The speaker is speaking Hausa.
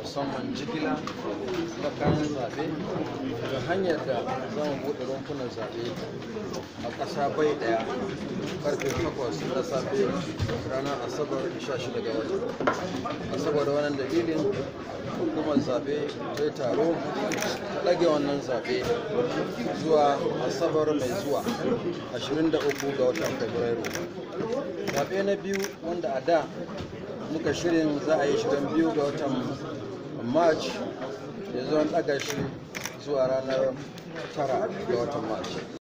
musamman jigila na kayan zaɓe da hanyar da za mu buɗe rumfunan zaɓe a ƙasa bai ɗaya ƙarfe 8 na safe ranar asabar 16 ga wata asabar wannan dalilin hukumar zaɓe zai taro ta ɗage wannan zaɓe zuwa asabar mai zuwa 23 ga watan fabrairu zaɓe na biyu wanda a da muka shirin za a yi shirin biyu ga watan march ya zo an ɗaga shi zuwa ranar tara ga watan march